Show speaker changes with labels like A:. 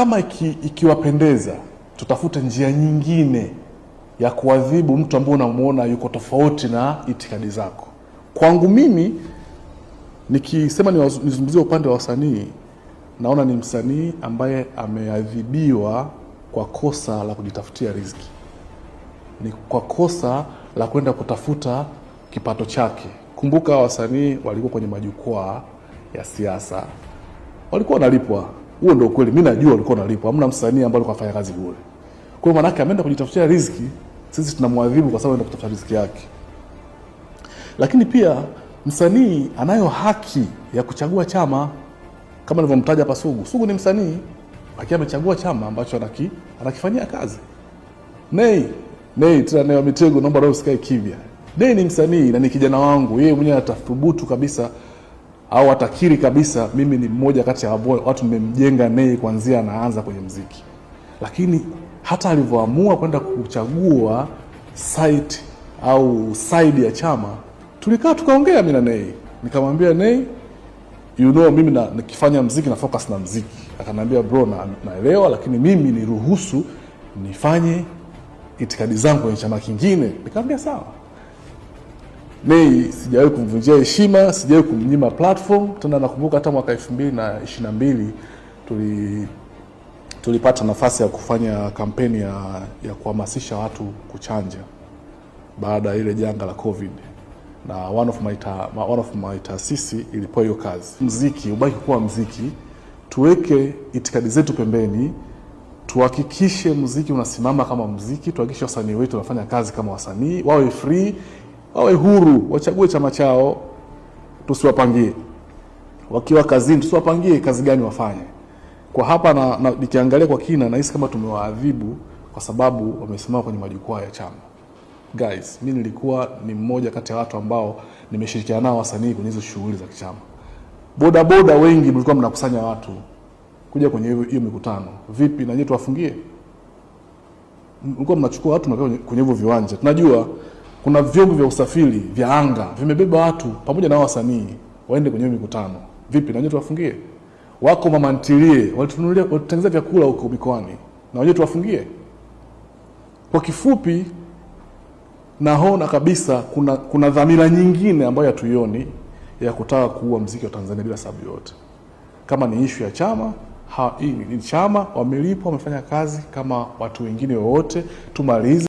A: kama iki, ikiwapendeza tutafute njia nyingine ya kuadhibu mtu ambaye unamuona yuko tofauti na itikadi zako. Kwangu mimi nikisema nizungumzie upande wa wasanii, naona ni msanii ambaye ameadhibiwa kwa kosa la kujitafutia riziki, ni kwa kosa la kwenda kutafuta kipato chake. Kumbuka wasanii walikuwa kwenye majukwaa ya siasa, walikuwa wanalipwa huo ndio kweli, Mimi najua walikuwa wanalipwa. Hamna msanii ambaye alikuwa afanya kazi bure. Kwa maana yake ameenda kujitafutia riziki, sisi tunamwadhibu kwa sababu ameenda kutafuta riziki yake. Lakini pia msanii anayo haki ya kuchagua chama kama nilivyomtaja hapa Sugu. Sugu ni msanii lakini amechagua chama ambacho anaki, anakifanyia kazi. Nei, Nei tena Nei wa Mitego naomba roho usikae kivya. Nei ni msanii na ni kijana wangu. Yeye mwenyewe atathubutu kabisa au atakiri kabisa, mimi ni mmoja kati ya watu nimemjenga naye kuanzia anaanza kwenye mziki. Lakini hata alivyoamua kwenda kuchagua site au side ya chama, tulikaa tukaongea mimi na Nei, nikamwambia Nei, you know, mimi na, nikifanya mziki na focus na mziki. Akanambia bro, na naelewa, lakini mimi niruhusu nifanye itikadi zangu kwenye chama kingine. Nikamwambia sawa. May sijawahi kumvunjia heshima, sijawahi kumnyima platform. Tena nakumbuka hata mwaka 2022 tuli tulipata nafasi ya kufanya kampeni ya, ya kuhamasisha watu kuchanja baada ya ile janga la COVID na one of my ta, one of my taasisi ilipoa hiyo kazi. Mziki ubaki kuwa mziki, tuweke itikadi zetu pembeni, tuhakikishe mziki unasimama kama mziki, tuhakikishe wasanii wetu wanafanya kazi kama wasanii, wawe free wawe huru, wachague chama chao, tusiwapangie. Wakiwa kazini, tusiwapangie kazi gani wafanye. Kwa hapa na, na nikiangalia kwa kina, nahisi kama tumewaadhibu kwa sababu wamesimama kwenye majukwaa ya chama. Guys, mimi nilikuwa ni mmoja kati ya watu ambao nimeshirikiana nao wasanii kwenye hizo shughuli za kichama. Boda boda wengi mlikuwa mnakusanya watu kuja kwenye hiyo mikutano. Vipi na nyinyi tuwafungie? Mlikuwa mnachukua watu mnakaa kwenye hivyo viwanja. Tunajua kuna vyombo vya usafiri vya anga vimebeba watu pamoja na wasanii waende kwenye mikutano. Vipi na wenyewe tuwafungie? Wako mama ntilie walitununulia walitengeneza vyakula huko mikoani, na wenyewe tuwafungie? Kwa kifupi, naona kabisa kuna kuna dhamira nyingine ambayo hatuioni ya kutaka kuua mziki wa Tanzania bila sababu yoyote. Kama ni ishu ya chama ha, hii ni chama, wamelipwa wamefanya kazi kama watu wengine wowote, tumalize.